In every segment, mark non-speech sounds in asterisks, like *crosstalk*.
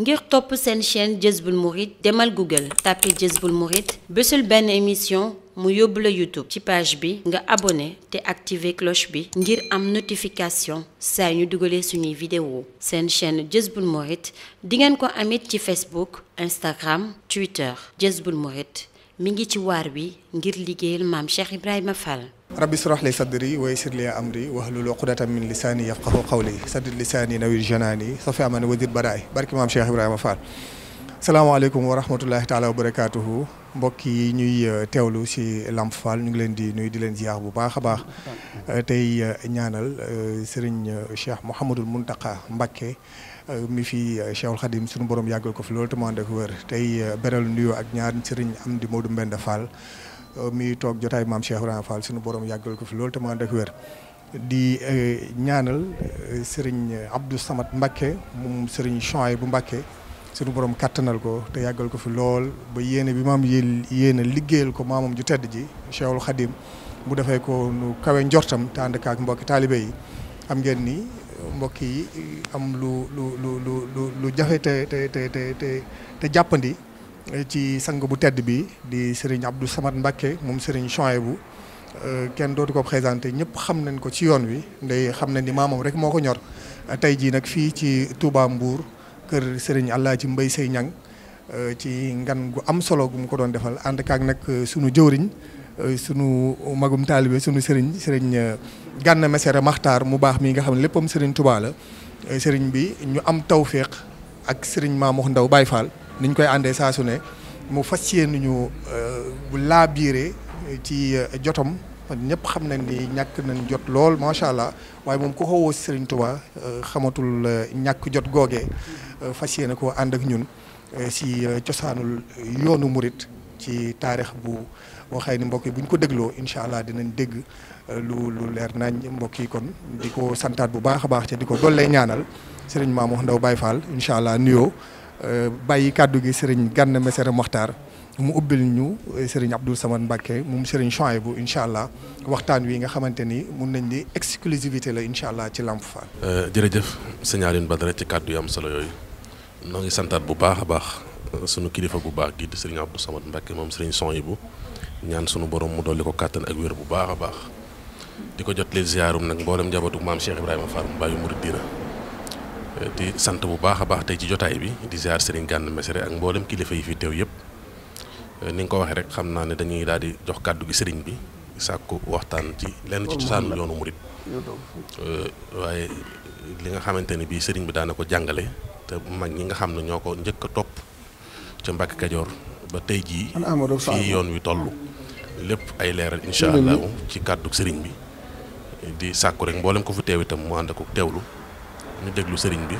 ngir top sen chaîne Jazboul Mourid. demal Google Tapez Jazboul Mourid. bésul ben émission mu YouTube ci page bi nga abonné té activer cloche bi ngir am notification saa ñu dugalee vidéo sen chaîne Jazboul Mourid. di ngeen ko amit ci Facebook Instagram Twitter Jazboul Mourid. mi ngi ci war wi ngir liggéeyal mam Cheikh Ibrahima Fall ربي اشرح لي صدري ويسر لي امري واحلل عقدة من لساني يفقه قولي سدد لساني نوي جناني صفي اماني وزير برائي بارك امام شيخ ابراهيم Fall السلام عليكم ورحمه الله تعالى وبركاته مبكي نوي تيولو سي لامفال نغي لن دي نوي دي لن nuyu بو باخ باخ تاي نيانال سيرن شيخ tey المنتقى sëriñ mi fi Cheikhul Khadim sunu borom yagal ko fi lolou te mu wër tey beral nuyo ak ñaar sëriñ Amdi Modou Mbenda Fall. mi toog jotaay maam Cheikh Ibrahima sunu borom yàggal ko fi loolu te mu ànd ak wér di eh, ñaanal eh, Serigne Abdou Samad Mbakke moom Serigne Chouaï bu Mbakke sunu borom kattanal ko te yàggal ko fi lool ba yéene bi maam yéene liggéeyal ko maamam ju tedd ji Cheikhul Khadim mu defee ko nu kawe njortam te ànd ak mbokki taalibe yi am ngeen nii mbokk yi am lu lu lu lu lu jafe te te te te jàppandi. ci sang bu tedd bi di Serigne Abdou Samad Mbacké moom Serigne Chouaïbou euh, kenn dootu ko présenté ñëpp xam nañ ko ci yoon wi nday xam nañ ni maamam rek moo ko ñor euh, tey jii nag fii ci Touba Mbour kër Serigne ci Mbay Sey Ñang euh, ci ngan gu am solo gu mu ko doon defal ànd kaak nag sunu jëwriñ sunu magum taalibe sunu Serigne Serigne Gana Messere Maxtaar mu baax mi nga xam ne léppam Serigne Touba la Serigne bi ñu am tawféex ak Serigne Mamour Ndaw Baye Fall niñ koy àndee saa su ne mu fas yéene ñu bu euh, laa biiree ci euh, jotam ñëpp xam nañ ni ñàkk nañ jot lool macha allah waaye moom ku ko woo Serigne euh, xamatul ñàkk jot googee fas yéene ko ànd ak ñun si cosaanul yoonu murit ci taarix bu waxee ni mbokki yi bu ñu ko dégloo incha allah dinañ dégg lu lu leer nañ mbokk yi kon di ko santaat bu baax a baax te di ko dollee ñaanal Serigne Mamour Ndaw Baye Fall incha allah nuyoo. Euh, bàyyi kàddu gi sëriñ Gana Messere Mokhtar mu ubbil ñu euh, sëriñ Abdou Samad Mbacke moom sëriñ Chouaïbou incha allah waxtaan wi nga xamante ni mun nañ di exclusivité la incha allah ci Lamp Fall. Euh, jërëjëf sëñ Alioune Badara ci kàddu yu am solo yooyu noo ngi santaat bu baax a baax sunu kilifa bu baax gi di sëriñ Abdou Samad Mbacke moom sëriñ Chouaïbou ñaan sunu borom mu dolli ko kàttan ak wér bu baax a baax di ko jot leen nag mboolem njabootu maam Cheikh Ibrahima Fall Mbaye Mouridina. di sant bu baax a baax tey ci jotaay bi di ziar Serigne Gana Messere ak mboolem kilifa yi fi teew yëpp euh, ni nga ko waxee rek xam naa ne dañuy daal di jox kàddu gi Serigne bi sàkku waxtaan ci lenn ci cosaanu yoonu murit euh, waaye li nga xamante ne bii Serigne bi daana ko jàngale te mag ñi nga xam ne ñoo ko njëkk a topp ca Mbàkke Kajoor ba tey jii fii yoon wi toll lépp ay leeral incha allah ci kàddu Serigne bi di sàkku rek mboolem ko fi teew itam mu ànd ak teewlu. ñu déglu sëriñ bi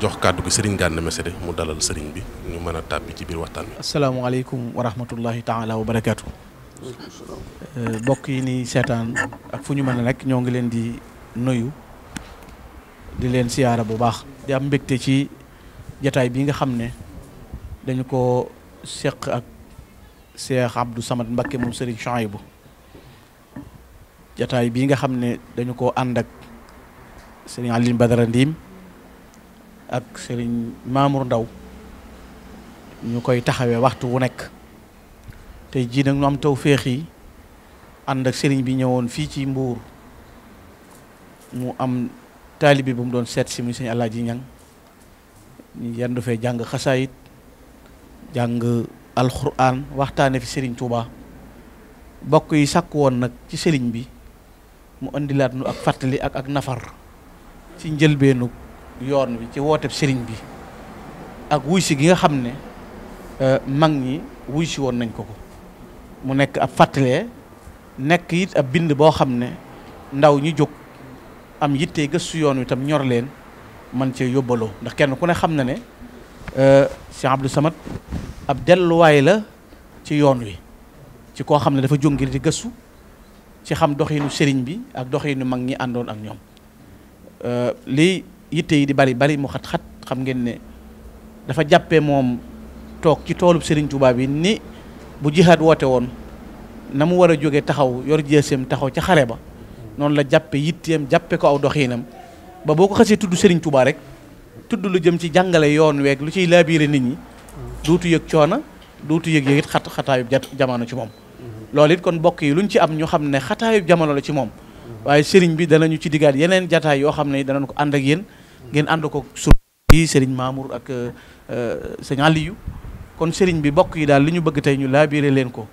jox kàddu gi sëriñ Gana Messere mu dalal sëriñ bi ñu mën a tàbbi ci biir waxtaan bi. asalaamaaleykum wa rahmatullahi taala wa barakaatu. Euh, bokk yi ni seetaan ak fu ñu mën a nekk ñoo ngi leen di nuyu di leen siyaara bu baax di am mbégte ci jataay bi nga xam ne ko seq ak Cheikh Abdou Samad mbacke moom sëriñ Chouaïbou jataay bi nga xam ne ko ànd sëriñ Alioune Badara Ndiim ak sëriñ Mamour Ndaw ñu koy taxawee waxtu wu nekk tey jii nag am taw féex yi ànd ak sëriñ bi ñëwoon fii ci Mbuur mu am taalibi bu mu doon seet si muy sëñ Alaaji Ñang ñu yendu fee jàng xasaayit jàng alxuraan waxtaane fi sëriñ Touba bokk yi sakk woon nag ci sëriñ bi mu indilaat nu ak fàttali ak ak nafar ci njëlbeenu yoon bi ci wooteb sëriñ bi ak wuy si gi nga xam ne euh, mag ñi wuy si woon nañ ko ko mu nekk ab fàttalee nekk it ab bind boo xam ne ndaw ñi jóg am yittee gëstu yoon wi tam ñor leen man cee yóbbaloo ndax kenn ku ne xam na ne euh, Cheikh Abdou Samad ab delluwaay la ci yoon wi ci koo xam ne dafa jóg ngir di gëstu ci xam doxinu sëriñ bi ak doxinu mag ñi àndoon ak ñoom Euh, lii yitte yi di bari bari mu xat-xat xam ngeen ne dafa jàppe moom toog ci toolub sëriñ Touba yi ni bu jihaad woote woon na mu war a jóge taxaw yor jeeseem taxaw ca xare ba noonu la jàppe yitteem jàppe ko aw doxiinam ba boo ko xasee tudd sëriñ Touba rek tudd lu jëm ci jàngale yoon weeg lu ciy laabiire nit ñi duutu yëg coona duutu yëg yëgit xat xataayub jamono ci moom mm-hmm. loolu it kon bokk yi luñ ci am ñu xam ne xataayub jamono la ci moom waaye sëriñ bi danañu ci diggaat yeneen jataay yoo xam ne danañ ko ànd ak yéen ngeen ànd ko sur bi sëriñ Mamour ak euh, euh, sëñ Aliou kon sëriñ bi bokk yi daal li ñu bëgg tey ñu laabiire leen ko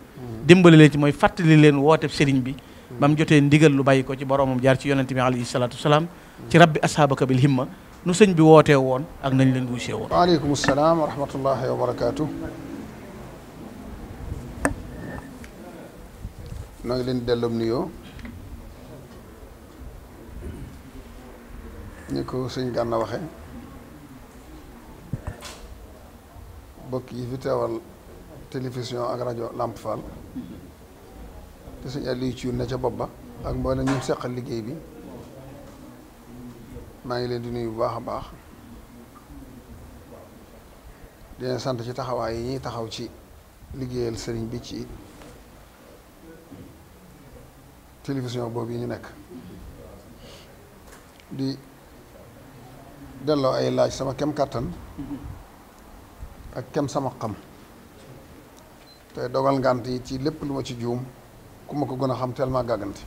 dimbali leen ci mooy fàttali leen woote sëriñ bi ba mu jotee ndigal lu bàyyi ko ci boromam jaar ci yonente bi alayhi salaatu wasalaam ci rabbi ashaabaka bil himma nu sëñ bi wootee woon ak nañ leen wuusee woon waaleykum salaam wa rahmatullahi wa ngi leen dellum nuyoo ni ko sëñ Gànna waxe bokk yi fi teewal télévision ak rajo Lamp Fall te sëñ Aliou Thioune ne ca bopp ba ak mboolem ñu seqal liggéey bi maa ngi leen di nuyu bu baax a baax di sant ci taxawaay yi ñuy taxaw ci liggéeyal sëriñ bi ci télévision boobu yi ñu nekk di delloo ay laaj sama kem kàttan ak kem sama xam tey dogal ngànt ci lépp lu ma ci juum ku ma ko gën a xam tellement gàggante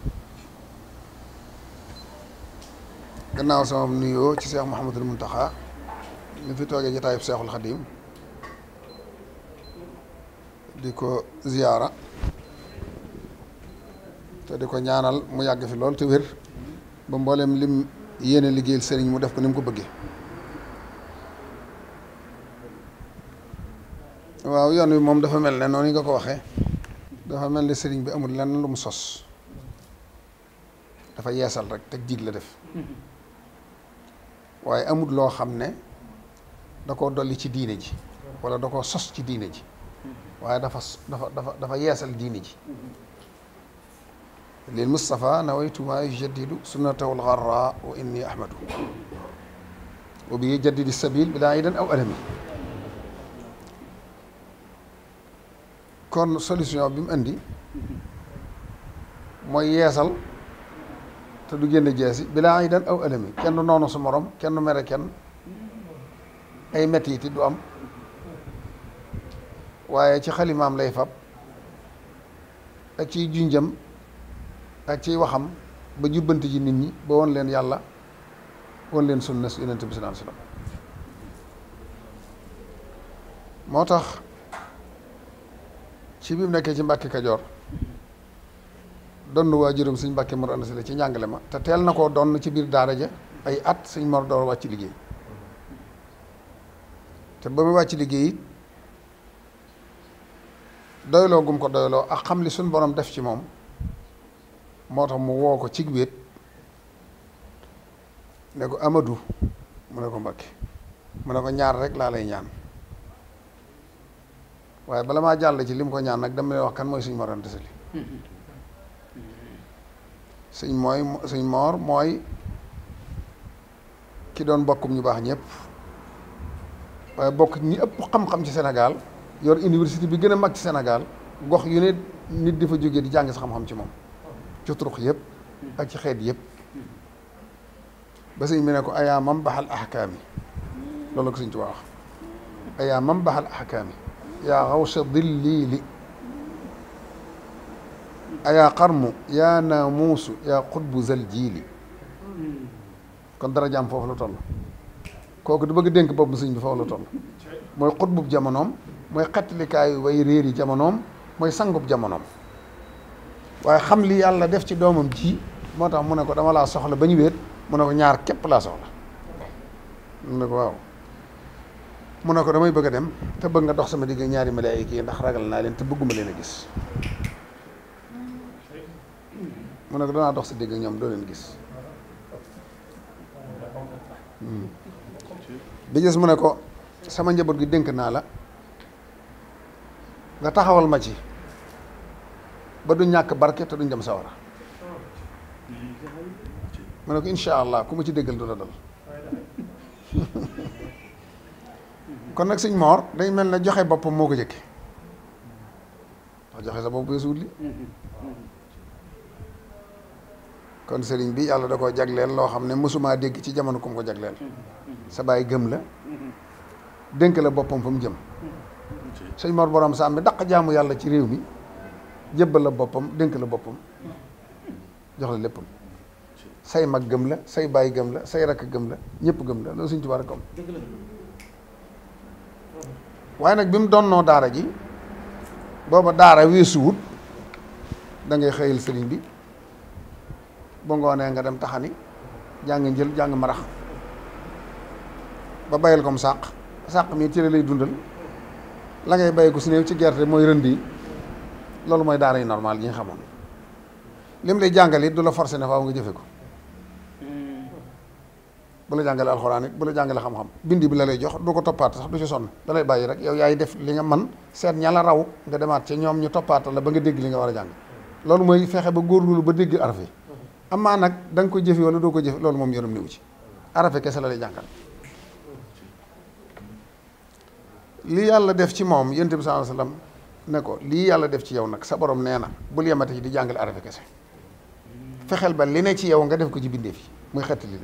gannaaw sama nuyoo ci seex Cheikh Mouhamadul taxaa mi fi toogee jataayub Cheikhul Khadim di ko ziyaara te di ko ñaanal mu yàgg fi lool te wér ba mboolem lim yéene liggéeyal sëriñ mu def ko ni mu ko bëggee waaw yoon wi moom dafa mel ne noonu nga ko waxee dafa mel ne sëriñ bi amul lenn lu mu sos dafa yeesal rek teg jiit la def waaye amul loo xam ne da koo dolli ci diine ji wala da koo sos ci diine ji waaye dafa dafa dafa dafa yeesal diine ji lil Mustafa nawaytu maa yujaddidu sunnatahu lgarra wa inni ahmadu wa bi yujaddidi sabil bilaa idan aw alami كون سوليسيون بيم اندي موي ييسال تا دو ген جيسي بلا عيدن او المي كين نونو سو مروم كين ميري كين اي متيتي دو ام وايي تي خالي مام لاي فاب اك تي جينجام اك تي وخام با جوبنت جي نيت ني با وون لين يالا وون لين سنة يونس صلى الله عليه وسلم موتاخ ci bi mu nekkee ci Mbàkke Kajoor donn waajuram suñ Mbàkke Mor Anta ci njàngale ma te teel na koo donn ci biir daara ja ay at suñ Mor wàcc liggéey te ba wàcc liggéey doyloo ko doyloo ak xam li suñ borom def ci moom moo tax mu woo ko cig wéet ne ko Amadou mu ne ko Mbàkke mu ne ko ñaar rek laa lay ñaan waye bala ma jall ci lim ko ñaan nak dama lay wax kan moy seigne Mor seli seigne moy seigne Mor moy ki doon bokkum ñu bax ñepp waye bokk ñi ëpp xam-xam ci senegal yor université bi mak mag ci senegal gox yu ne nit difa joggé di jàng sax xam-xam ci mom ci turux yépp ak ci xéet yépp ba seigne mi ne ko ayamam bahal ahkami loolu ko seigne ci wax ayamam bahal ahkami يا غوش ظليلي أيا قرمو يا ناموس يا قطب زلجيلي كون دراجة أم فوفلو طول كوكو دبك دينك بوب مسيني فوفلو طول موي قطب بجامنوم موي قتل كاي ويريري جامنوم موي سنگ بجامنوم واي خملي يالله دفتي دومم جي موتا مونكو دمالا سخلا بنيويت مونكو نيار كيب لا سخلا مونكو واو Monako ko damay bëgg dem te bëgg nga dox sama digg ñaari malaayika ndax ragal na leen te bëgguma leen a gis Monako, ne dox sa digg ñom do leen gis bi hmm. gis sama njabot gi denk na la nga taxawal ma ci ba du ñak barke te du ñam sawara mu ne ko allah ci deggal do dal *laughs* kon nag sëñ Moor day mel na joxe boppam moo ko jëkke joxe sa bopp weesuwut li kon sëriñ bi yàlla da koo jagleel loo xam ne mësumaa dégg ci jamono ku mu ko jagleel sa baay gëm la dénk la boppam fa mu jëm sëñ Moor borom saam mi daq jaamu yàlla ci réew mi jébbal la boppam dénk la boppam jox la léppam say mag gëm la say baay gëm la say rakk gëm la ñëpp gëm la loolu sëñ Tuubaa rek am waye nak bi donno dara daara ji booba daara weesuwut da ngay xëyal sëriñ bi bo ngone nga dem taxani sak njël jang marax ba bayal kom sax sax mi cere lay dundal la ngay bay ko ci gerte moy rendi lolou moy dara yi normal yi nga lim lay jàngal dula forcer na faaw nga bu la alcorane alxuraan it xam-xam bindi bi la lay jox du ko toppaat sax du ci son da lay bayyi rek yow yaay def li nga man seet ñala raw nga demaat ci ñom ñu topat la ba nga dégg li nga wara a jàng loolu mooy fexe ba góorgóorlu ba dégg araf amma nak dang ko wala do ko jëf loolu yoonam wu ci kess la lay jàngal li yalla def ci mom yonent bi sallallahu alayhi wasallam ne ko lii def ci yow nak sa borom neena bu li di kess fexel ba li ne ci yow nga def ko ci bindé fi muy xettali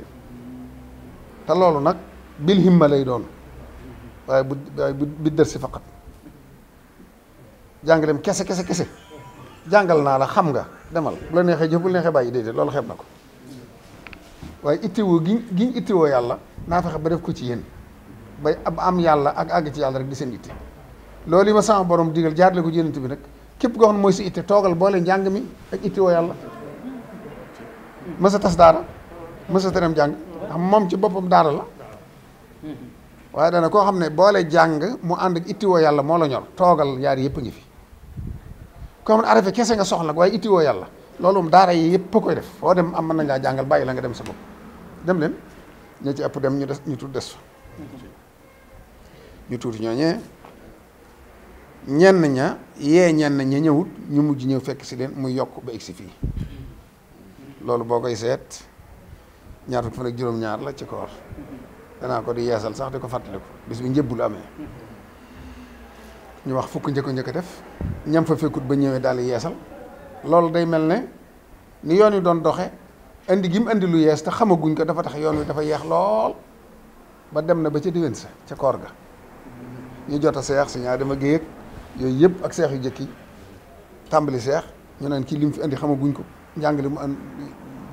te loolu nag bil himma doon waaye bu waaye bu bi dër si faqat kese kese kese jàngal naa la xam nga demal bu la neexee jëf bu la neexee bàyyi déedéet loolu xeeb na ko waaye ittiwoo gi giñ ittiwoo yàlla naa fexe ba def ko ci yéen ba ab am yàlla ak àgg ci yàlla rek di seen itti loolu yi ma sama borom digal jaarle ko jënant bi nag képp koo xam mooy si itte toogal boole njàng mi ak ittiwoo yàlla mësa tas daara mësa terem jàng ndax moom ci boppam daara la waaye dana koo xam ne boole jàng mu ànd ak ittiwoo yàlla moo la ñor toogal yaar yëpp a ngi fi koo xam ne arafe kese nga soxla waaye ittiwoo yàlla loolu moom daara yi yëpp a koy def foo dem am mën nañ laa jàngal bàyyi la nga dem sa bopp dem leen ña ci ëpp dem ñu des ñu tuut des fa ñu tuuti ñooñee ñenn ña yee ñenn ña ñëwut ñu mujj ñëw fekk si leen mu yokk ba si fii loolu boo koy seet ñaar fa rek ak juróom-ñaar la ci koor dana ko di yeesal sax di ko fàttaliku bis bi ñeebul amé ñu wax fukk ñeeku ñeeku def ñam fa fekkut ba ñewé dal yeesal day melne, ni yoon doon doxé andi gi mu andi lu yees ta xamaguñ ko dafa tax yoon wi dafa yeex lool ba dem na ba ci diwen sa ci koor ga ñu jotta cheikh seex si ñaar dama géeg yooyu yëpp ak cheikh yu jekki tambali cheikh ñu nan ki lim fi andi xamaguñ ko mu an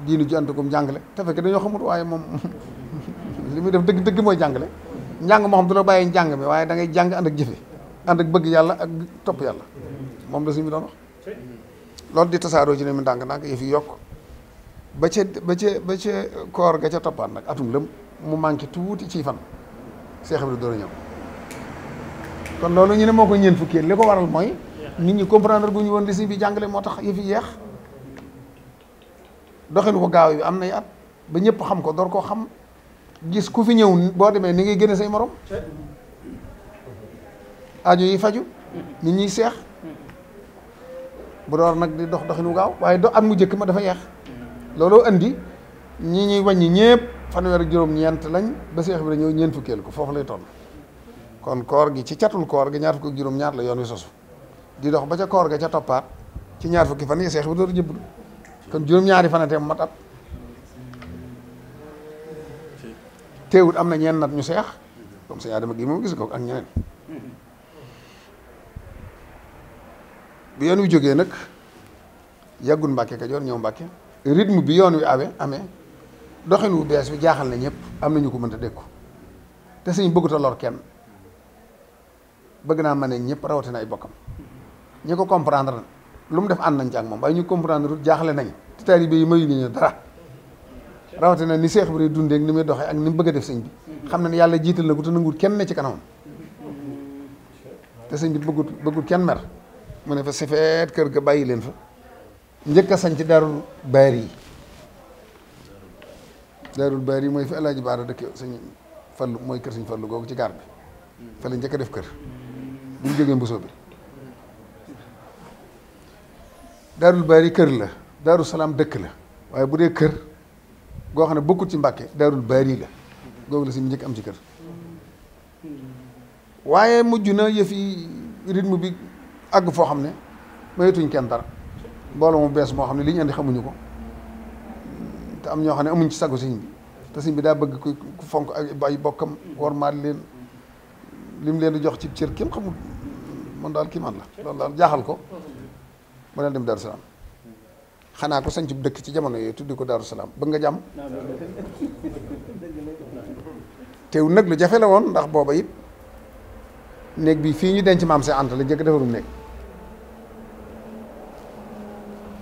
diinu ju antukum jangale te fek dañu xamul waye mom limi *laughs* def deug deug moy jangale jang mo xam dula baye jang mi waye da ngay jang and ak jeffe and ak bëgg yalla ak top yalla mom la suñu doon wax loolu di tassaro ci ne mi ndànk-ndànk yëf yi ba ca ba ca ba ca koor ga ca topan nak atum lem mu manki tuuti ci fan cheikh abdou ne doon kon loolu ñu ne moko ñeen fukki liko waral moy nit ñi comprendre gu ñu woon li si bi jàngale moo tax yeex doxin ko gaaw yi am nay at ba ñepp xam ko dor ko xam gis ku fi ñëw bo demee ni ngay gëné say morom aajo yi faju nit ñi xeex bu dor nak di dox doxin gaaw waye do at mu jëk ma dafa yeex lolo andi ñi ñi wàññi ñepp fan wër juroom ñent lañ ba xeex bi ñew ñent fukel ko fofu lay toll kon koor gi ci ciatul koor gi ñaar fukki juroom ñaar la yoon wi sosu di dox ba ca koor ga ca topat ci ñaar fukki fan yi xeex bi door jëblu kon juróom-ñaari fan te mat teewut am na ñeen nat ñu seex comme sa gis ko ak ñeneen bi yoon wi jógee nag yàggul Mbàkke Kajoor ñëw Mbàkke rythme bi yoon wi awe ame doxin wu bees bi jaaxal na ñëpp am na ñu ko mënta dékku te suñ bëgguta lor kenn bëgg naa ma ne ñëpp rawatina ay bokkam ñi ko comprendre lu mu def ànd nañ ci moom waaye ñu comprendre rut jaaxle nañ te taalibe yi mayu ñu dara rawatina ni Seex Ibra dundee ak ni muy doxee ak ni mu bëgg a def sañ bi xam na ni yàlla jiital na ko te nanguwul kenn ne ci kanamam te sëñ bi bëggut bëggut kenn mer mu ne fa sifeet kër ga bàyyi leen fa njëkk a sañ ci daarul baar yi daarul baar yi mooy fi alaaji baara dëkk sëñ fallu mooy kër sëñ lu googu ci gaar bi fa njëkk a def kër bu ñu jógee mbusoo daarul baari kër la daaru salaam dëkk la waaye bu dee kër goo xam ne bokkul ci mbakke daarul baari la googu la si njëkk am ci kër waaye mujj na yëfi rythme bi àgg foo xam ne mayetuñ kenn dara mbooloo mu bees moo xam ne li ñu andi xamuñu ko te am ñoo xam ne amuñ ci sago sëñ bi te bi daa bëgg ku fonk ay bokkam wormaal leen lim leen di jox ci cër kenn xamul man daal kii man la loolu daal jaaxal ko mu daan dem Darou Salaam xanaa ko sanc dëkk ci jamono yooyu tuddi ko Darou Salaam bëgg nga jam teew nak lu jafe la woon ndax boba yit nek bi fii ñu denc maam see ant la jëkk defarum nek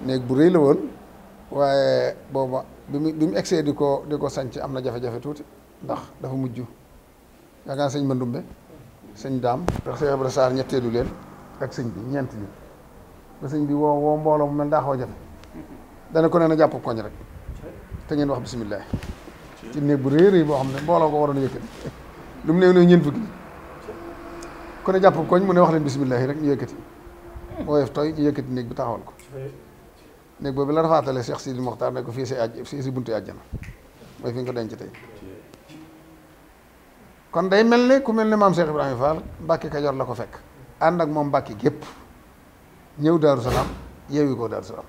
nek bu rëy la woon waaye bi mu bi mu di ko di ko sanc jafe-jafe ndax dafa mujj yaakaar señ Mandumbe señ dam ndax sëñ Ibra Sarr ak señ bi ñent la sëñ bi woo woo mbooloo mu mel daa xaw a jafe dana ko nee na jàpp koñ rek te ngeen wax bisimilah ci néeg bu rëy rëy boo xam ne mbooloo ko waroon yëkkati lu mu néew néew ñeent fukki ku ne jàpp koñ mu ne wax leen bisimilah rek ñu yëkkati woyof tooy ñu yëkkati néeg bi taxawal ko néeg boobu la rafaatale Cheikh Sidi Mokhtar ne ko fii si àjj fii si buntu àjjana mooy fi nga ko denc tey kon day mel ne ku mel ne maam Cheikh Ibrahima Fall Mbàkke Kajoor la ko fekk ànd ak moom Mbàkke gépp ñëw daaru salaam yeewi ko daaru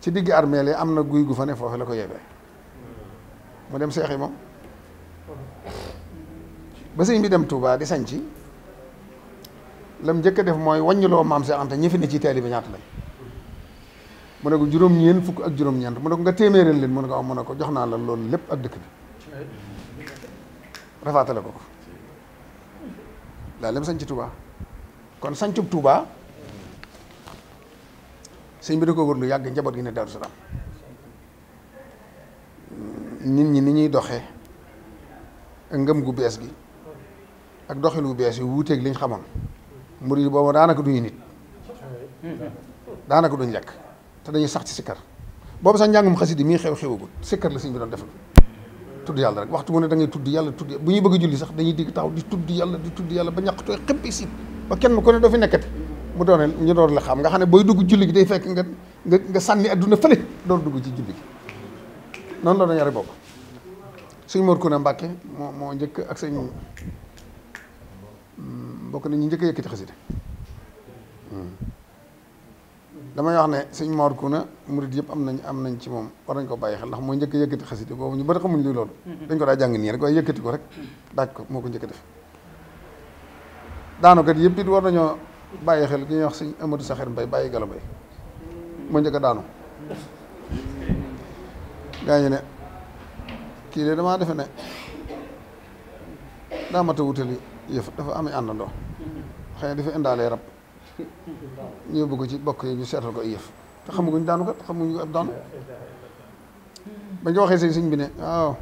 ci digg armeel yi am na guy gu fa ne foofu la ko yebee mu dem seexi moom ba sëñ bi dem Touba di sañc lam njëkk def mooy wàññiloo maam Seex Anta ñi ci taalibe ñaata lañ mu ne ko juróom ñeen fukk ak juróom-ñeent mu ne ko nga téeméeral leen mu ne ko am ah, mu ne ko jox naa la loolu lépp ak dëkk bi rafaatale ko ko daa lem sañ ci kon sancub Touba sëñ bi da ko wër lu yàgg njaboot gi ne daru Salaam nit ñi ni ñuy doxee ngëm gu bees gi ak doxil lu bees yi wuuteeg liñ xamoon mbir yi boobu daanaka duñu nit daanaka duñ lekk te dañuy sax ci sikkar boobu sax njàngum xasidi mi xew xewagul sikkar la sëñ bi doon defal tudd yàlla rek waxtu mu ne da ngay tudd yàlla tudd bu ñuy bëgg julli sax dañuy digg taw di tudd yàlla di tudd yàlla ba ñàq tooy xëpp si ba kenn mu ko ne do fi nekkat mu doone ñu door la xam nga xane boy dugg julli gi day fekk nga nga sanni aduna fele do dugg ci julli gi non la doon yare boobu suñ Mor na mbacke mo mo njëkk ak sëñ mm, bok na ñu njëkk a yëkkati xasida mm. damay wax ne sëñ Mor ko na murid yëpp am nañ am nañ ci mom war nañ ko bàyyi xel ndax mo njëkk a yëkkati xasida boobu ñu bëri xamuñ luy lool mm-hmm. dañ ko da jang ni rek way yëkkati ko rek dak moko moo def daanukat yëpp it war nañoo bàyyi xel ki ñuy wax sëñ Amadou Saxir Mbay bàyyi gala mbay mu njëkk a daanu gaa ñi ne kii de damaa defe ne daa mat a wutali yëf dafa am àndandoo xëy na dafa indaalee rab ñu yóbbu ci bokk yi ñu seetal ko ay yëf te xamaguñ daanu kat xamuñu ko ab daanu ba ñu waxee sëñ sëñ bi ne waaw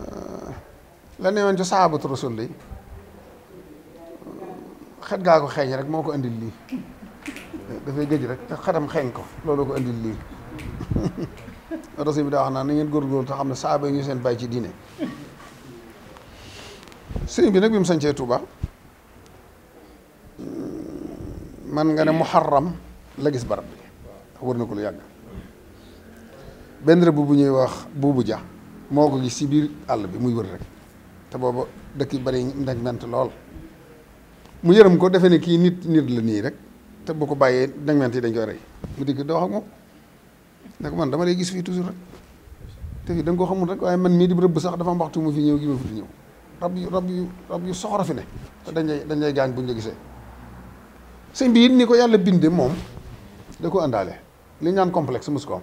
euh, la newoon ci sahabatu rasul yi xet gaa ko xeeñ rek moo ko indil lii dafay géej rek te xetam xeeñ ko loolu ko indil lii rasul *laughs* bi daa wax naa na ngeen góorgóorlu te xam ne saaba yi seen bàyyi ci diine sëriñ bi nag bi mu sañcee Tuuba mm, man nga ne muharram la gis barab bi wër na ko lu yàgg benn rëbb bu ñuy wax buubu ja moo ko gis ci biir àll bi muy wër rek te boobu dëkk yi bari nag nant lool mu yërëm ko defe ne ki nit nit la ni rek té bu ko bayé dañ naan dañ ko rey mu dig do xam moom ne ko man dama lay gis fi toujours rek té fi da ko xamul rek waye man mi di rëbb sax dafa waxtu mu fi ñëw gi mu fi ñëw rab yu rab yu rab yu soxora fi né dañ lay dañ lay gañ buñ la gisé sëñ bi ni ko yalla bindé mom da ko andalé li ñaan complexe mos ko am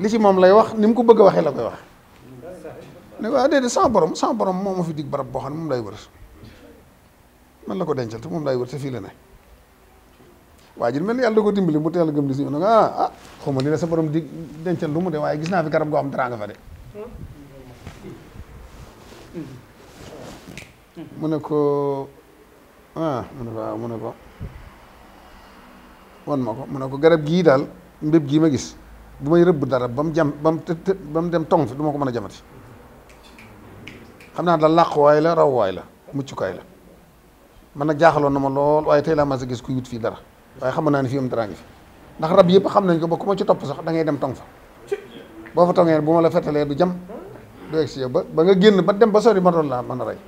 li ci mom lay wax nim ko bëgg waxé la koy wax né wa ah, dédé sans borom sans borom mo fi dig barab bo xam mom lay wër man la ko dencal te moom laay wër te fii la ne waa ji mel ni yàlla da ko dimbali mu teel a gëm di si ko ah ah xaw ma li sa borom di dencal lu mu de waaye gis naa fi garab goo xam ne ko ah mu ne ko waaw ah, mu wan ma ko mu ne ko garab gii daal mbéb gii ma gis bu may rëbb dara ba mu jam ba mu të ba dem tong fi du ko mën a jamati xam naa daal làquwaay la rawwaay la muccukaay la. man nag jaaxaloon na ma lool waaye tey laa mas a gis ku yut fi dara waaye xam naa fi fii am dara ngi fi ndax rab yep xamnañ ko bokuma ci top sax da ngay dem tong fa bo fa tongé buma la fettalee du jam du ex yow ba ba nga genn ba dem ba sori ma doon la man ray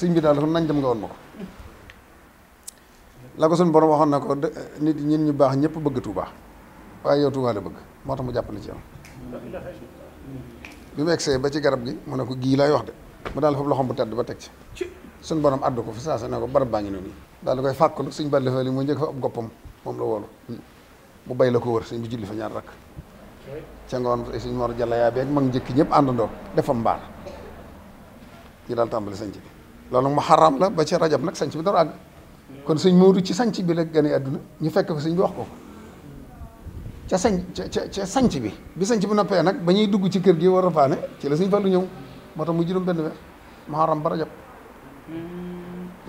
rey bi dal dafa nañ dem nga won mako la ko sun borom waxon nako nit ñin ñu bax ñepp bëgg Tuubaa waaye yow Tuubaa la bëgg moo tax mu jàppale ci yow bima exé ba ci garab gi mu ne ko gii laay wax de mu dal foofu loxom bu tedd ba tek ci sun borom addu ko fa sa sa ne ko bar bangi ngi dal koy fakku suñ bal fa li mu njëkk fa ab goppam moom la wolu mu bay la ko wër suñ bi julli fa ñaar rak ci ngon suñ mor jalla be ak mag njëkk ñëpp àndandoo defam mbaar ci dal tambali sanc ci lolu mu haram la ba ci rajab nag sanc bi dara àgg kon sëñ Moodu ci ci bi la gane aduna ñu fekk ko sëñ bi wax ko ca ci ci ca ci bi bi sanc ci bu noppé ba bañuy dugg ci kër gi wara faane ci la sëñ Fallu ñëw moo mu jurum ben weer mu xaram ba rajab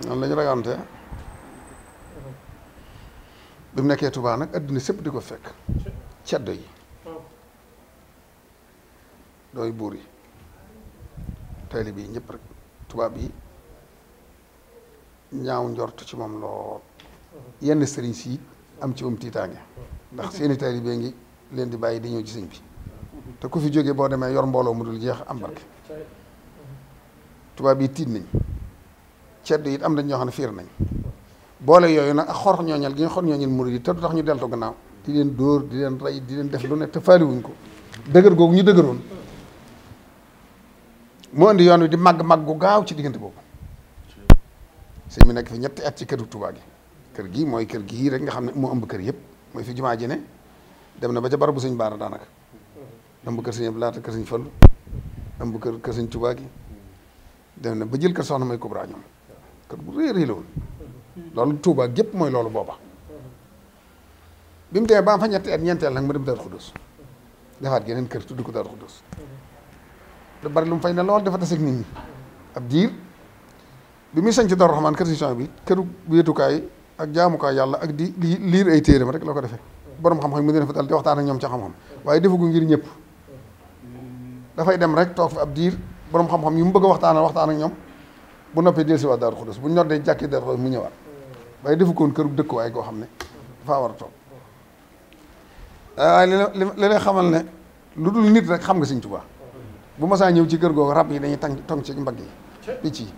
noonu la ñu ragante bi mu nekkee Tuubaa nag adduna sépp di ko fekk ceddo yi dooy buur yi taalib yi ñëpp rek tubaab yi ñaaw njort ci moom lool yenn sëriñ si am ci moom tiitaange ndax seeni taalib yi ngi leen di bàyyi di ñëw ci sëñ bi te ku fi jógee boo demee yor mbooloo mu dul jeex am barke tubaab yi tiit nañ cedd it am nañ ñoo xam ne fiir nañ boole yooyu nag ak xor ñooñal gi nga xor ñooñal murid yi te du tax ñu deltu gannaaw di leen dóor di leen rey di leen def lu ne te faaliwuñ ko dëgër googu ñu dëgëroon moo indi yoon wi di màgg mag gu gaaw ci diggante boobu sëñ bi nekk fi ñetti at ci këru Tuubaa gi kër gi mooy kër gii rek nga xam ne moo ëmb kër yëpp mooy fi jumaa ji dem na ba ca barabu sëñ baara daanaka ëmb kër sëñ Abdu Lahat kër sëñ Fallu kër kër sëñ Tuubaa gi dem na ba jël kër soxna may Kubra kër kan bu rëy rëy la woon loolu Touba gépp mooy loolu booba bi mu demee ba am fa ñetti at ñeenteel nag mu dem Daaru Xuddus defaat geneen kër tudd ko Daaru Xuddus da bari lu mu fay ne lool dafa taseeg nit ñi ab diir bi muy sanc Daaru Raxmaan kër station bi këru wéetukaay ak jaamukaay yàlla ak di liir ay téeram rek la ko borom xam-xam mu dina fa dal di waxtaan ak ñoom ca xam-xam waaye defagu ngir ñëpp dafay dem rek toog fi ab diir borom xam-xam yu mu bëgg a waxtaan ak ñoom bu noppee del siwaat daaru xudus bu ñoddee jàkki daaru xudus mu ñëwaat waaye defu koon këru dëkkuwaay koo xam ne dafaa war a toog waaye li li lay xamal ne lu dul nit rek xam nga Sëñ Tuubaa bu masaa ñëw ci kër googu rab yi dañuy tàng tong ci mbagg yi picc yi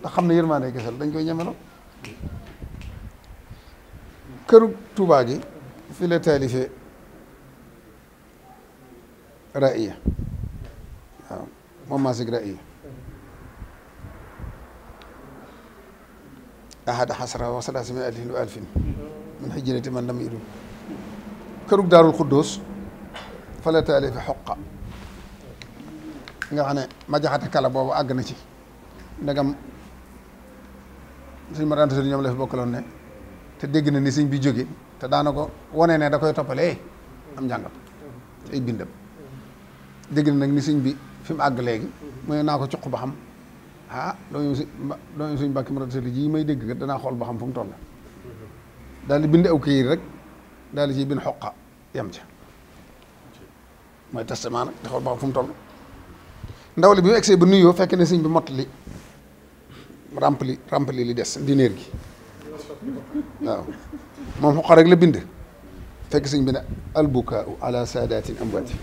ndax xam ne yërmaande gisal dañ koy ñemeloo këru Tuubaa gi fi la taalifee ra'iya waaw moom maa sig ra'iya أحد حسرة وثلاثة مئة ألف وألف من حجرة من لم يرد كروك دار القدس فلا تألف حقا يعني ما جحت كلام بابا أجنتي نعم سيد مران تزوج يوم لف بكرونة تدقن نسيم بيجوجي تدانو كو وانا نادا كوي تقبل إيه أم جانب إيه بندب دقن نسيم بي في أجلعي ما ينأكل شقبهم ah dooñu si dooñu suñu mbàkk ma rata jii may dégg kat danaa xool ba xam fu mu toll daal di bind aw këyit rek daal di ciy bind xoqa yem ca mooy testament nag di xool ba xam fu mu ndaw li bi mu see ba nuyoo fekk ne sëñ bi mott li rempli rempli li des dineer gi waaw moom xoqa rek la bind fekk sëñ bi ne albukaau ala saadatin amwaati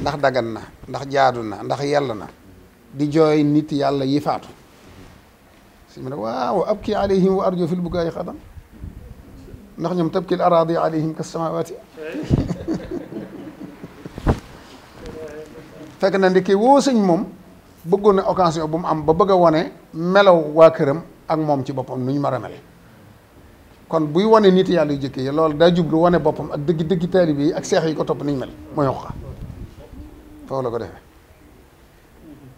ndax dagan na ndax jaadu na ndax yàlla na di jooy nit yàlla yi faatu si mu ne waaw abki alayhim wa arjo fil bukaay xadam ndax ñoom tabkil araadi alayhim kas samawaati *laughs* fekk na ndiki woo sëñ moom bëggoon na occasion bu mu am ba bëgg wone wane waa këram ak moom ci boppam nu ñu mar a kon buy wone nit yàlla yu jëkkee yi loolu daa jublu wane boppam ak dëgg dëgg taalibe yi ak seex yi ko topp niñ mel mooy wax foofu la ko defee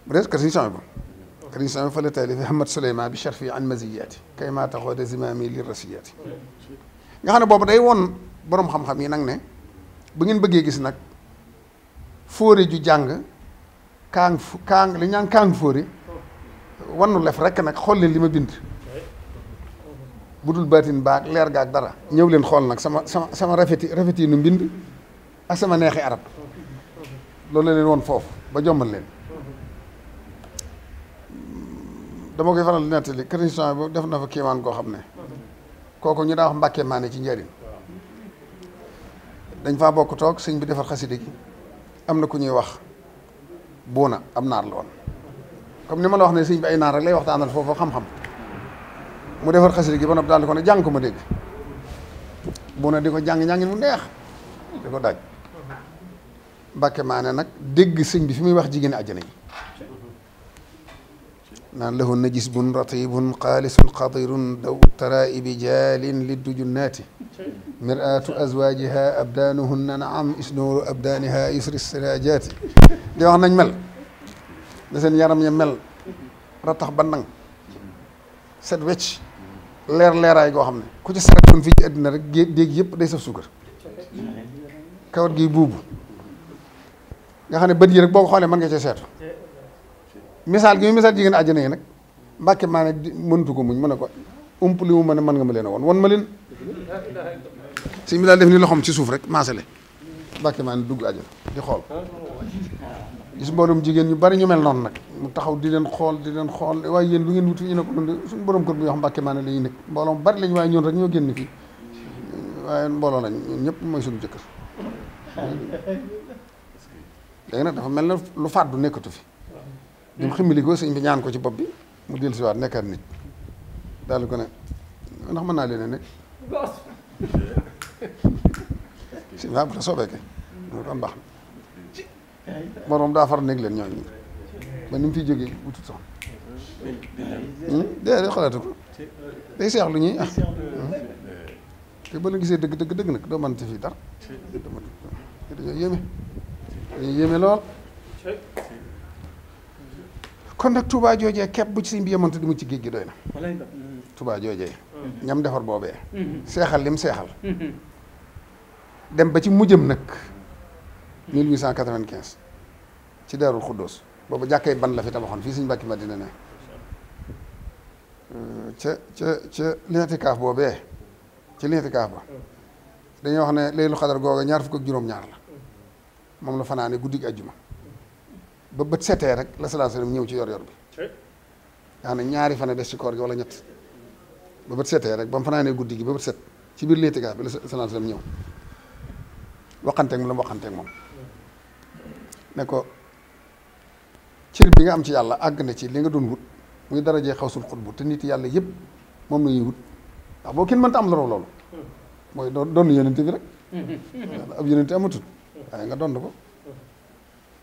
بريس كرسين شامبو كرسين شامبو فلتالي في محمد سليمان بشرفي عن مزياتي كيما تاخذ زمامي للرسياتي nga xam ne boobu day woon borom xam-xam yi nag ne bu ngeen bëggee gis nag fóore ju jàng kaang kaang li ñaan kaang fóore wannu lef rek nag xool leen li ma bind bu dul baatin baag leer gaag dara ñëw leen xool nag sama sama sama rafeti rafeti nu mbind ak sama neexi arab loolu leen woon foofu ba jombal leen dama koy faral di nettali Christian boobu def na fa kiimaan koo xam ne kooku ñu daa wax mbàkke maane ci njëriñ dañ faa bokk toog sëñ bi defar xasida gi am na ku ñuy wax buuna am naar la woon comme ni ma la wax ne sëñ bi ay naar rek lay waxtaanal foofu xam-xam mu defar xasida gi ba noppi daal di ko ne jàng ko ma dégg buuna di ko jàng jàngin mu neex di ko daaj mbàkke maane nag dégg sëñ bi fi muy wax jigéen àjjana yi naan lahu najis bun ratibun xaalisun xadirun daw taraibi jaalin liddu junnaati miratu azwajiha abdaanuhunna naam isnooru abdaaniha isri sirajaati di wax nañ mel da seen yaram ya mel ratax ba nang set wecc leer leeraay goo xam ne ku ci saratoon fii ci àddina rek déeg yëpp day saf suukar kawat gi buubu nga xam ne bët yi rek boo ko xoolee mën nga cee seetu missal gi mu misaal jigéen àjjana yi nag mbàkke maa ne mëntu ko muñ mu ne ko ump li mu mën a mën nga ma leen woon wan ma leen si mi daal def ni loxoom ci suuf rek maasale mbàkke maa ne dugg àjjana di xool gis mboolum jigéen ñu bari ñu mel noonu nag mu taxaw di leen xool di leen xool waaye yéen lu ngeen wuti ñu ne ko dund suñu borom kër bu ñuy wax mbàkke maa ne la ñuy nekk mbooloo bari lañ waaye ñun rek ñoo génn fii waaye mbooloo lañ ñëpp mooy suñu jëkkër léegi nag dafa mel na lu fàddu nekkatu fi bi mu ximmili ko sëñ bi ñaan ko ci bopp bi mu dellu siwaat nekkaat nit daal ko ne ndax mën naa leen a nekk si naa ah, bu la soobee kay mu ko am baax na boroom daa far néeg leen ñooñu ba ni mu fiy jógee wutut sax hmm? déedéet xalaatu ko day seex lu ñuy ah hmm? te ba la gisee dëgg dëgg dëgg nag doo ci fii dara yéeme dañuy yéeme lool kon nag tubaa joojee képp bu ci sëñ bi yemante di mu ci géej gi doy na. Touba joojee. Mm-hmm. ñam defar boobee. Mm-hmm. seexal lim seexal. Mm-hmm. dem ba ci mujjëm nag. 1895 ci Daarul Xuddoos boobu jàkkay ban la fi tabaxoon fii suñu ma Madina ne. ca ca ca l'itikaaf boobee ci l'itikaaf ba dañuy wax ne laylu xadar googa ñaar fukk ak juróom-ñaar la moom la fanaane guddi gi ajjuma ba bët setee rek la salaa salaam ñëw ci yor-yor bi nga xam ne ñaari fan des ci koor gi wala ñett ba bët setee rek ba mu fanaanee guddi gi ba bët set ci biir liitikaaf bi la salaa salaam ñëw waxanteeg moom la mu waxanteeg moom ne ko cër bi nga am ci yàlla àgg na ci li nga doon wut muy darajee xawsul xutbu te nit yàlla yëpp moom la ñuy wut ndax boo kenn mënta am lu loolu mooy doon doon yonente bi rek *laughs* ab yonente amatul waaye nga dond ko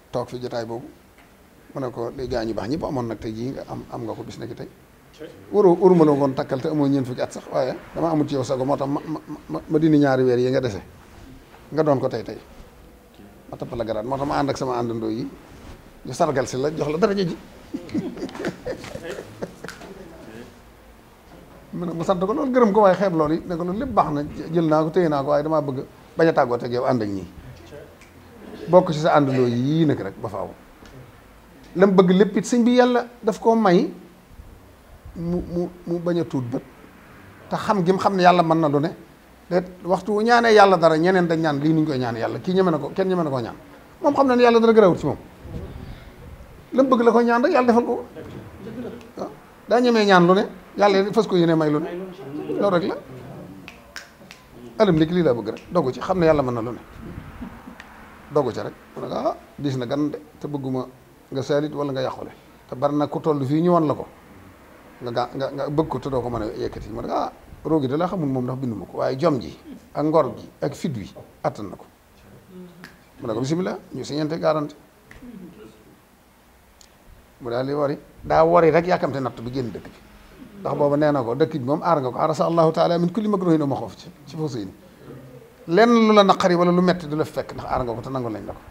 toog fi jotaay mu ko li gañu bax ñi ñëpp amon nak tay jii nga am am nga ko bis nak tay uru uru wuru ma woon takkal te amo ñeen fukki at sax waaye dama amul ci yow sago moo ma dini ñaari wër yi nga déssé nga don ko tay tay ma topp la garaat moo ma ànd ak sama àndandoo yi ñu sargal ci la jox la dara ji *laughs* mu ne mu sant ko loolu gërem ko way xeeb loolu yi ne ko loolu lepp baax na jël naa ko téye naa ko waaye damaa bëgg baña tagot ak yow and ak ñi bok ci sa àndandoo yi nak rek ba faaw lam bëgg lepp it sëñ bi yalla daf ko may mu mu mu baña a tuut bët xam gim xam ne yàlla mën na lu ne te waxtu wu ñaanee yàlla dara ñeneen dañ ñaan li ñu koy ñaan yalla ki ñeme na ko kenn ñeme na ñaan mom xam na ne yàlla dara gërawut ci mom lam bëgg la ko ñaan rek yalla defal ko da ah, daa ñaan lu ne yalla fas ko yene may lu ne loolu rek la alam nek li la bëgg rek dogu ci xam na yalla man na lu ne dogu ci rek ah na gan de te bëgguma nga saalit wala nga yàqule te bari na ku toll fii ñu wan la ko nga gaa nga nga bëgg ko te doo ko mën a yekkati ma ne ah roogi da laa moom ndax bindu ko waaye jom ji ak ngor ji ak fit na ko mu ne ko bisimilah ñu siñante garanti mu daal di wari daa wari rek yàkkamte natt bi génn dëkk bi ndax booba nee na ko dëkk moom aar nga ko sa allahu taala min kulli makruhin ma xoof ci ci foofu lenn lu la naqari wala lu metti du la fekk ndax aar nga ko te nangu lañ la ko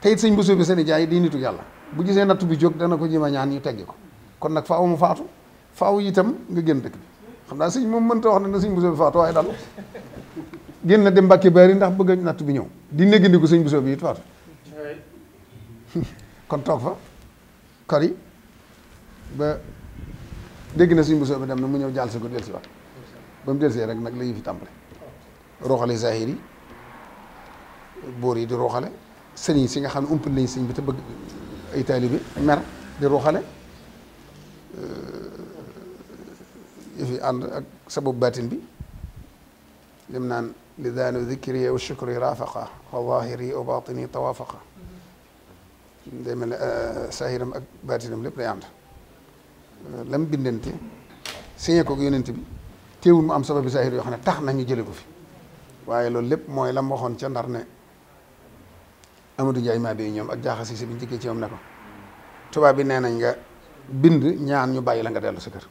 te it sëñ Bousso bi seen jaay di nitu yàlla bu gisee natt bi jóg dana ko jima ñaan ñu teggi ko kon nag faaw mu faatu faaw itam nga génn dëkk bi xam naa sëñ moom mënta wax ne na sëñ Bousso bi faatu waaye daal génn dem Mbàkke Bari ndax bëgg natt bi ñëw di néggandiku sëñ Bousso bi it faatu *laughs* kon toog fa kori ba dégg na sëñ Bousso bi dem na mu ñëw jaal si ko del si wax ba mu del see rek nag la ñu fi tàmbale roxale zahiri yi bóor yi di roxale سني سيغا خان اومبل لي سيغ بيتا بغ اي طالبي مر دي روخالي يفي اند اك سبب باتين بي لم نان لذان ذكري والشكر رافقة وظاهري وباطني توافقة دائما ساهر باتين لم لبلا يعند لم بننتي سيغا كوك يوننتي بي تيون ام سبب ساهر يوخنا تخنا نيجي لكو في waye lol lepp moy lam waxon ca ndar ne Amadou Ndiaye ma bi ñom ak jaxasi ci biñu biñ ci ñom nako tuba bi nenañ nga bind ñaan ñu bayila nga delu sa kër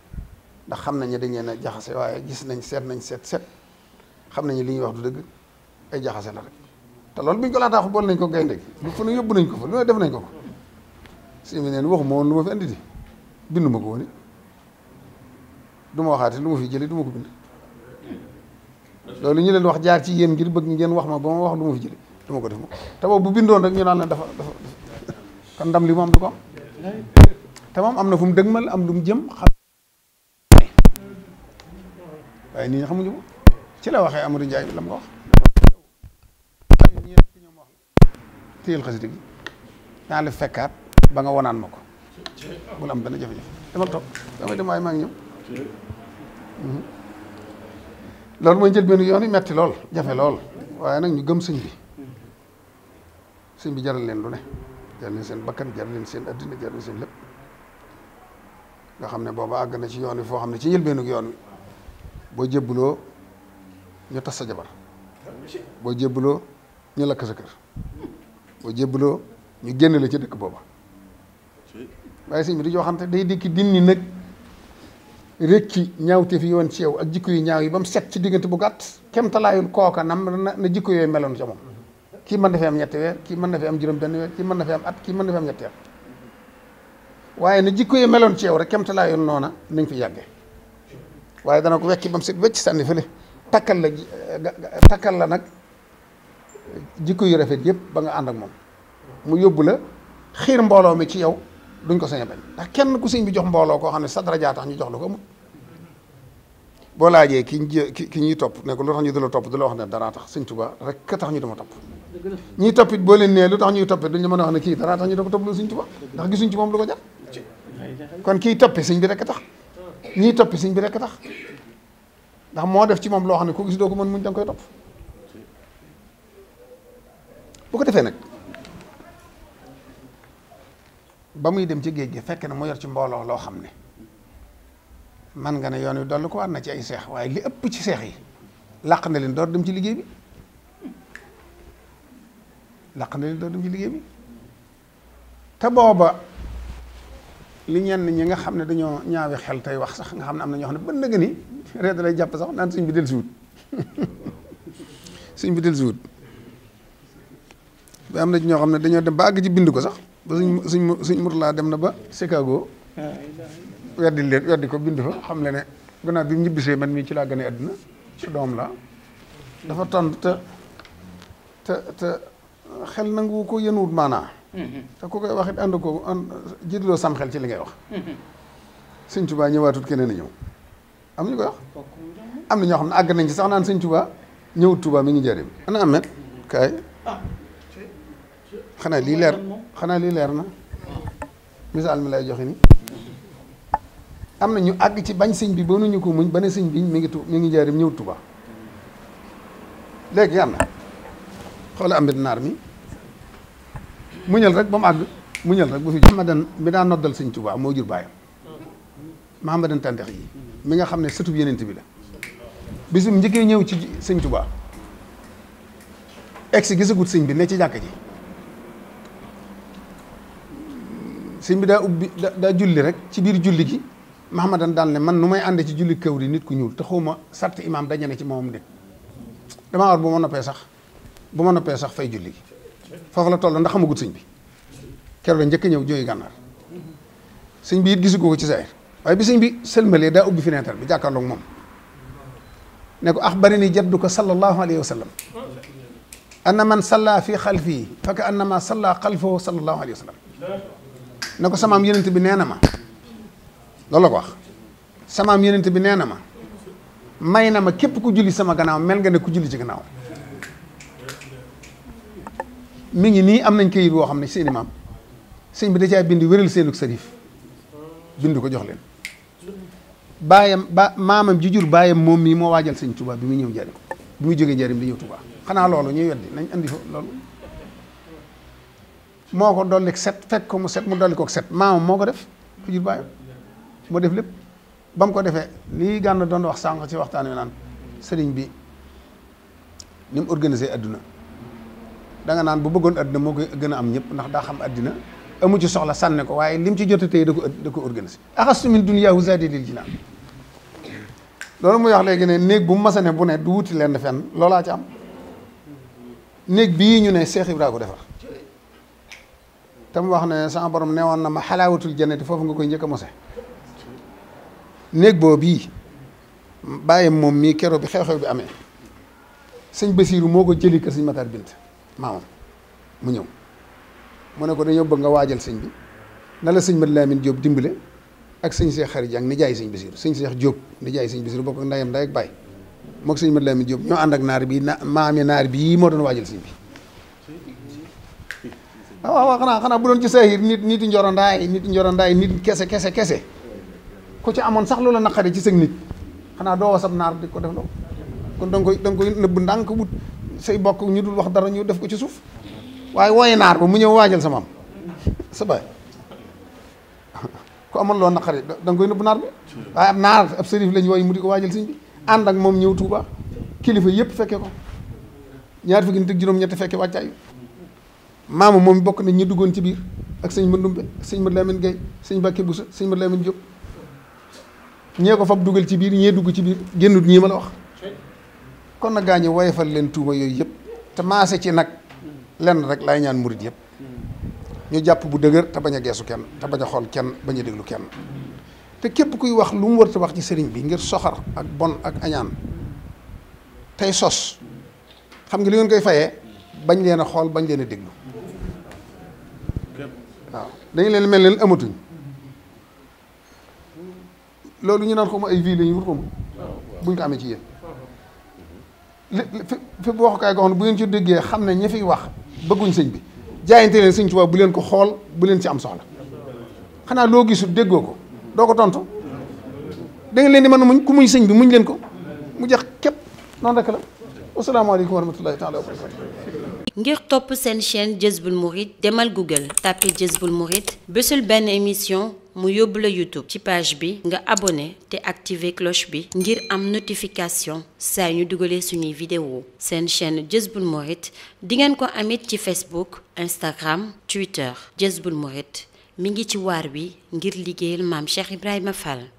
ndax xam nañ ne dañ leen a jaxase gis nañ seet nañ seet seet xam nañ li ñu wax du deug ay jaxasi la rek te lool biñ ko laataaxu bon nañ ko gënde bu fu ñu yobbu nañ ko fa lu def nañ ko ko si mi neen wax mo lu ma fi andi di bindu mako woni duma waxati lu mu fi jëli duma ko bind loolu ñu leen wax jaar ci yeen ngir bëgg ngeen wax ma bama wax lu fi jëli du ko def moom te boobu bu bindoon rek ñu naan leen dafa dafa kan ndam li mu am du ko am te moom am na fu mu dëgmal am lu mu jëm xam waaye nit xamuñu ko ci la waxee Amadou Ndiaye bi la mu ko wax téyel xasida gi naa la fekkaat ba nga wonaan ma ko bul am benn jafe-jafe demal toog damay dem waaye maa ngi ñëw mhm. loolu mooy njëlbéenu yoon yi metti lool jafe lool waaye nag ñu gëm sëñ bi sëñ bi jaral leen lu ne jaral leen seen bakkan jaral leen seen addina jaral leen seen lépp nga xam ne booba àgg na ci yoon wi foo xam ne ci yëlbeenug yoon wi ñu tas sa jabar boo jébbuloo ñu lakk sa kër boo jébbuloo ñu génn la ci dëkk booba waaye sëñ bi di joo xam te day dikki dinni nag rékki ñaawte fi yoon ci yow ak jikko yu ñaaw yi ba mu set ci diggante bu gàtt kem talaayul kooka nam na jikko yooyu meloon ca moom kii mën na fi am ñetti weer kii mën na fi am juróom-benn weer kii mën na fi am at kii mën na fi am ñetti at waaye na jikko yi meloon ci yow rek kemta laa yoon noona nañ fi yàgge waaye dana ko wekki ba mu set wecc sànni fële takkal la eh, takkal la nag jikko yu rafet yëpp ba nga ànd ak moom mu yóbbu la xiir mbooloo mi ci yow duñ ko sañ a bañ ndax kenn ku sëñ bi jox mbooloo koo xam ne sa daraja tax ñu jox la ko amul boo laajee ki ñu ki ñuy topp ne ko lu tax ñu dula topp du la wax ne daraa tax sëñ Tuubaa rek ka tax ñu dama topp ñii toppit boo leen nee lu tax ñuy toppit duñu mën a wax ne kii dara tax ñu da ko topp lu suñ tuba ndax gisuñ ci moom lu ko jar kon kii toppi sëñ bi rek tax ñiy toppi sëñ bi rek tax ndax moo def ci moom loo xam ne ku gis doo ko mën muñ da ko defee nag ba muy dem ci géej gi fekk na mu ci mbooloo loo xam ne man nga ne yoon wi dollu ko war na ci ay seex waaye li ëpp ci seex yi làq na leen door dem ci liggéey bi làq na leen doon ci liggéey bi te booba li ñenn ñi nga xam ne dañoo ñaawi xel tey wax sax nga xam ne am na ñoo xam ne ba nëgg ni reet lay jàpp sax naan suñ bi dellusiwut suñ *laughs* bi dellusiwut ba am na ñoo xam ne dañoo dem ba àgg ci bind ko sax ba suñ suñ suñ murlaa dem na ba Chicago weddi leen weddi ko bind fa xam le ne naa bi mu ñibbisee man mii ci laa gën a àdduna su doom la dafa tontu te te te xel nangu ko yënuwut wut mm-hmm. te ko koy wax ànd ko jiitloo sam xel ci li ngay wax mm-hmm. sëñ Tuubaa ñëwaatut keneen a ñëw am ñu koy wax am na ñoo xam ne àgg nañ ci sax naan sëñ Tuubaa ñëwut Tuubaa mi ngi njëriñ ana amet ah. lii leer xanaa lii leer na ah. misaal mi lay joxe am na ñu àgg ci bañ sëñ bi ba nuñu ko muñ ba sëñ bi mi ngi tu mi ngi njëriñ ñëwut Tuubaa léegi yàlla xoola ambit naar mi muñël rek ba mu àgg mu ñël rek bu fi Mahamadan mi daan noddal sëñ Tuubaa moo jur baayam Mahamadan Tandex yi mi nga xam ne sëtub yenent bi la bisum njëkkee ñëw ci sëñ Tuubaa egsi gisagut sëñ bi ne ci jàkk ji sëñ bi daa ubbi daa julli rek ci biir julli gi Mahamadan daal ne man nu may ànd ci julli kaw di nit ku ñuul te xawma sart imaam dañu ne ci moomam nit damaa war bu ma noppee sax bu ma noppee sax fay julli foofu la toll ndax xamagut sëñ bi keroog njëkk ñëw jóoy gànnaar sëñ bi it gisugu ko ci saa waaye bi sëñ bi sëlmalee daa ubbi fenêtre bi jàkkaarloog moom ne ko axbarini jadduka sallallahu alayhi wa sallam anna man salla fi xalfi fa ka annama salla xalfahu sallallahu alayhi wa sallam ne ko samaam yenent bi nee na ma loolu la ko wax samaam yenent bi nee na ma may na ma képp ku julli sama gannaaw mel nga ne ku julli ci gannaaw mi ngi nii am nañ kayit woo xam ne seeni i maam sëñ bi da caa bind wéral seenug sërif bind ko jox leen baayam ba maamam ji jur baayam moom mii moo waajal sëñ Tuubaa bi mu ñëw njariñ bi mu jógee njariñ bi ñëw tubaa xanaa loolu ñuy weddi nañ indi fa loolu moo ko dolli set fekk ko mu set mu dolli ko set maamam moo ko def ku jur baayam moo def lépp ba ko defee lii gànn doon wax sànq ci waxtaan wi naan sëriñ bi ni mu àdduna danga naan bu bëggoon addina moo koy gën a am ñëpp ndax daa xam àddina amu ci soxla sànne ko waaye lim ci jota tey da ko da ko organisé axastu min duniyaahu zaadi lil jinaan loolu muy wax léegi ne néeg bu mu masane bu ne du wuti lenn fenn loolaa ci am néeg bii ñu ne Cheikh Ibra ko defar te mu wax ne sama borom ne woon na ma xalaawatul jannati foofu nga koy njëkk a mose néeg boo bii bàyyi moom mii kero bi xew-xew bi amee sëñ Basiiru moo ko jëli ka sëñ Bint maamam mu ñëw mu ne ko dañoo bëgg nga waajal sëñ bi na la sëñ Mat Laamin Jóob dimbale ak sëñ Seex Xari Jàng nijaay sëñ sëñ Seex Jóob nijaay sëñ Basiiru bokk ak ndayam nday ak baay mook sëñ Mat Laamin Jóob ñoo ànd ak naar bi na maami naar bii moo doon waajal sëñ bi ah, waaw waaw xanaa xanaa bu doon ci saahir nit nit i njorondaay nit i njorondaay nit kese kese kese ku ci amoon sax loola naqari ci sëg nit xanaa doo wasab naar di ko def loolu kon da koy da koy nëbb ndànk wut sëy bokk ñu dul wax dara ñu def ko ci suuf waaye wooye naar ba mu ñëw waajal sama maam sa baay ku amoon loo naqari da nga koy nëbb naar bi waaye ab naar ab sërif lañ wooy mu di ko waajal sëñ bi ànd ak moom ñëw Tuuba kilifa yëpp fekkee ko ñaar fukki nit ak juróom-ñetti fekkee wàccaayu maama moom bokk nañ ñu duggoon ci biir ak sëñ Mandumbe ak sëñ Mad Lamin Gay sëñ Bàkke Busa sëñ Mad Lamin Jóob ñee ko fab dugal ci biir ñee dugg ci biir génnut ñii ma la wax kon na gaañu woyofal leen tuuma yooyu yëpp te maase ci nag lenn rek laay ñaan murit yëpp ñu jàpp bu dëgër te bañ a geesu kenn te bañ a xool kenn bañ a déglu kenn te képp kuy wax lu mu war wax ci sëriñ bi ngir soxar ak bon ak añaan tey sos xam nga li ngeen koy fayee bañ leen a xool bañ leen a déglu waaw dañu leen mel leen amatuñ loolu ñu naan ko ay vie la ñu wut ko buñ ko amee ci yéen. li fi bu waxukaay goo xam bu ngeen ci déggee xam ne ñi fiy wax bëgguñ sëñ bi jaayante leen sëñ Tuubaa bu leen ko xool bu leen ci am soxla xanaa loo gisul déggoo ko doo ko tontu da leen di mën a muñ ku muñ sëñ bi muñ leen ko mu jeex képp noonu rek la wasalaamaaleykum wa rahmatullahi taala wa barakatu ngir topp seen chaîne Jazboul Mouride demal Google tapé Jazboul Mouride bésul benn émission mu YouTube ci page bi nga abonné te activer cloche bi ngir am notification saa ñu dugalee suñu vidéo sen chaîne Jazboul Mouride di ngeen ko amé ci Facebook Instagram Twitter jezbul morit mi ngi ci war wi ngir liggéeyal mam Cheikh Ibrahima Fall.